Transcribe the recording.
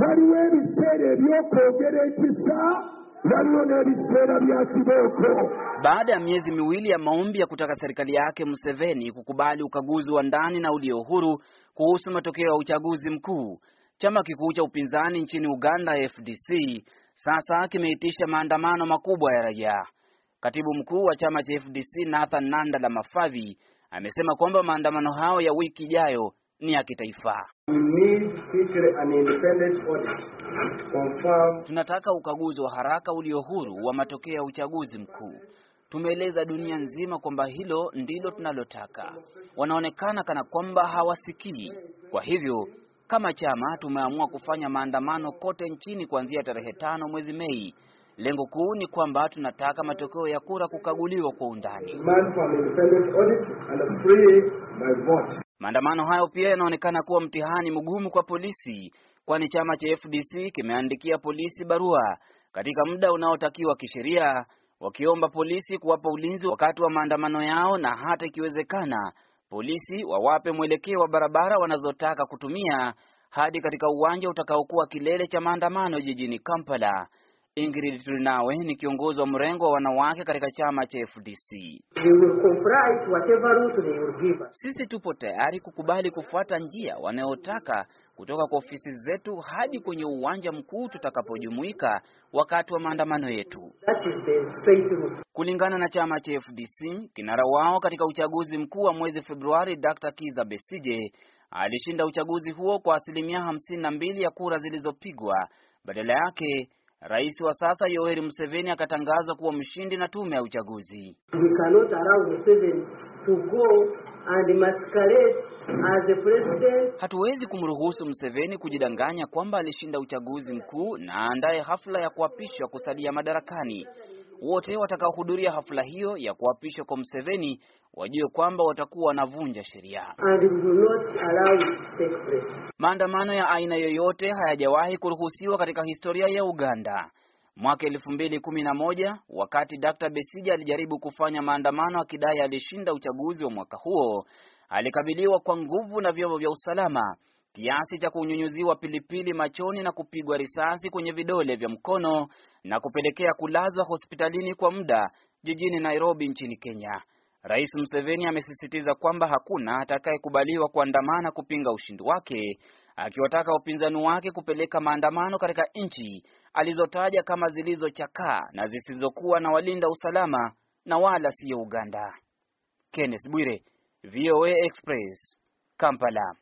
waliwo ebiseera ebyokwogera ekisa waliwo n'ebiseera bya kibooko baada ya miezi miwili ya maombi ya kutaka serikali yake Museveni kukubali ukaguzi wa ndani na ulio huru kuhusu matokeo ya uchaguzi mkuu, chama kikuu cha upinzani nchini Uganda FDC sasa kimeitisha maandamano makubwa ya raia. Katibu mkuu wa chama cha FDC Nathan Nanda la mafadhi amesema kwamba maandamano hayo ya wiki ijayo ni ya kitaifa. Tunataka ukaguzi wa haraka ulio huru wa matokeo ya uchaguzi mkuu. Tumeeleza dunia nzima kwamba hilo ndilo tunalotaka. Wanaonekana kana kwamba hawasikii. Kwa hivyo kama chama tumeamua kufanya maandamano kote nchini kuanzia tarehe tano mwezi Mei. Lengo kuu ni kwamba tunataka matokeo ya kura kukaguliwa kwa undani. Maandamano hayo pia yanaonekana kuwa mtihani mgumu kwa polisi, kwani chama cha FDC kimeandikia polisi barua katika muda unaotakiwa kisheria, wakiomba polisi kuwapa ulinzi wakati wa maandamano yao na hata ikiwezekana polisi wawape mwelekeo wa barabara wanazotaka kutumia hadi katika uwanja utakaokuwa kilele cha maandamano jijini Kampala. Ingrid Tulinawe ni kiongozi wa mrengo wa wanawake katika chama cha FDC. Sisi tupo tayari kukubali kufuata njia wanayotaka kutoka kwa ofisi zetu hadi kwenye uwanja mkuu tutakapojumuika wakati wa maandamano yetu. Kulingana na chama cha FDC, kinara wao katika uchaguzi mkuu wa mwezi Februari, Dr. Kiza Besije alishinda uchaguzi huo kwa asilimia 52 ya kura zilizopigwa. Badala yake rais wa sasa Yoweri Museveni akatangaza kuwa mshindi na tume ya uchaguzi. Hatuwezi kumruhusu Museveni kujidanganya kwamba alishinda uchaguzi mkuu na andaye hafla ya kuapishwa kusalia madarakani. Wote watakaohudhuria hafla hiyo ya kuapishwa kwa Mseveni wajue kwamba watakuwa wanavunja sheria. Maandamano ya aina yoyote hayajawahi kuruhusiwa katika historia ya Uganda. Mwaka elfu mbili kumi na moja wakati Dr. Besija alijaribu kufanya maandamano akidai alishinda uchaguzi wa mwaka huo, alikabiliwa kwa nguvu na vyombo vya usalama kiasi cha kunyunyuziwa pilipili machoni na kupigwa risasi kwenye vidole vya mkono na kupelekea kulazwa hospitalini kwa muda jijini Nairobi nchini Kenya. Rais Museveni amesisitiza kwamba hakuna atakayekubaliwa kuandamana kupinga ushindi wake, akiwataka upinzani wake kupeleka maandamano katika nchi alizotaja kama zilizochakaa na zisizokuwa na walinda usalama na wala siyo Uganda. Kenneth Bwire, VOA Express, Kampala.